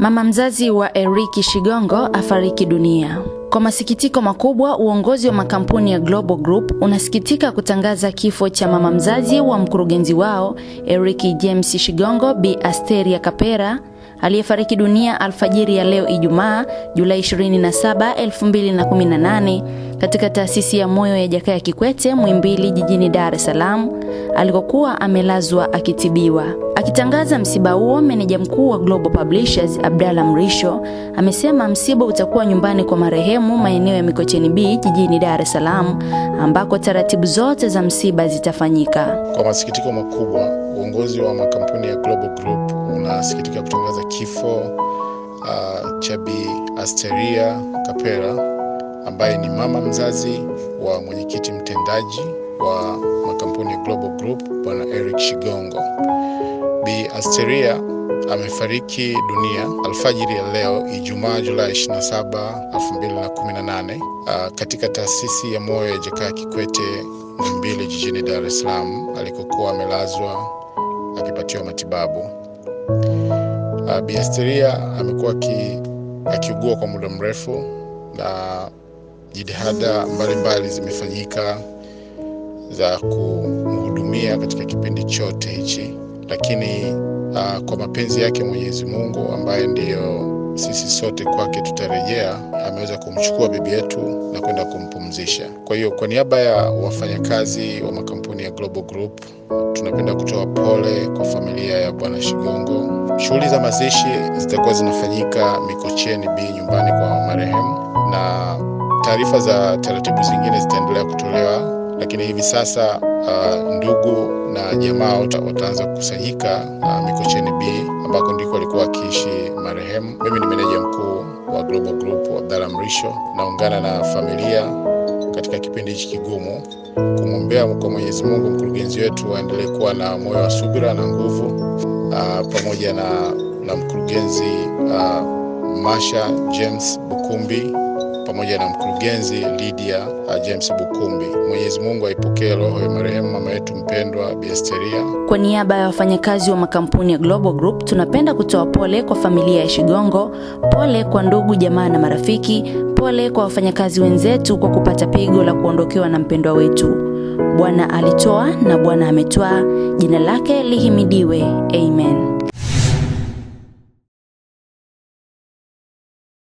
Mama mzazi wa Eriki Shigongo afariki dunia. Kwa masikitiko makubwa, uongozi wa makampuni ya Global Group unasikitika kutangaza kifo cha mama mzazi wa mkurugenzi wao Eriki James Shigongo Bi Asteria Kapera aliyefariki dunia alfajiri ya leo Ijumaa Julai 27, 2018 katika taasisi ya moyo ya Jakaya Kikwete Mwimbili jijini Dar es Salaam alikokuwa amelazwa akitibiwa. Akitangaza msiba huo, meneja mkuu wa Global Publishers Abdalla Mrisho amesema msiba utakuwa nyumbani kwa marehemu maeneo ya Mikocheni B jijini Dar es Salaam ambako taratibu zote za msiba zitafanyika. Kwa masikitiko makubwa uongozi wa makampuni ya Global Group unasikitika kutangaza kifo uh, cha Bi Asteria Kapera ambaye ni mama mzazi wa mwenyekiti mtendaji wa makampuni ya Global Group Bwana Eric Shigongo. Bi Asteria amefariki dunia alfajiri ya leo Ijumaa Julai 27, 2018 uh, katika taasisi ya moyo ya jakaa Kikwete mbili jijini Dar es Salaam alikokuwa amelazwa akipatiwa matibabu. Ah, biasteria amekuwa akiugua kwa muda mrefu na jitihada mbalimbali zimefanyika za kumhudumia katika kipindi chote hichi, lakini uh, kwa mapenzi yake Mwenyezi Mungu ambaye ndiyo sisi sote kwake tutarejea, ameweza kumchukua bibi yetu na kwenda kumpumzisha. Kwa hiyo kwa niaba ya wafanyakazi wa makampuni ndani ya Global Group. Tunapenda kutoa pole kwa familia ya Bwana Shigongo. Shughuli za mazishi zitakuwa zinafanyika Mikocheni B, nyumbani kwa marehemu, na taarifa za taratibu zingine zitaendelea kutolewa lakini hivi sasa uh, ndugu na jamaa wataanza kukusanyika uh, Mikocheni B ambako ndiko alikuwa akiishi marehemu. Mimi ni meneja mkuu wa Global Group Abdalla Mrisho, naungana na familia katika kipindi hiki kigumu, kumwombea kwa Mwenyezi Mungu mkurugenzi wetu aendelee kuwa na moyo wa subira na nguvu, uh, pamoja na, na mkurugenzi uh, Masha James Bukumbi pamoja na mkurugenzi Lydia uh, James Bukumbi. Mwenyezi Mungu aipokee roho ya marehemu mama yetu mpendwa Bi Kwa niaba ya wafanyakazi wa makampuni ya Global Group tunapenda kutoa pole kwa familia ya Shigongo, pole kwa ndugu jamaa na marafiki, pole kwa wafanyakazi wenzetu kwa kupata pigo la kuondokewa na mpendwa wetu. Bwana alitoa na Bwana ametwaa, jina lake lihimidiwe.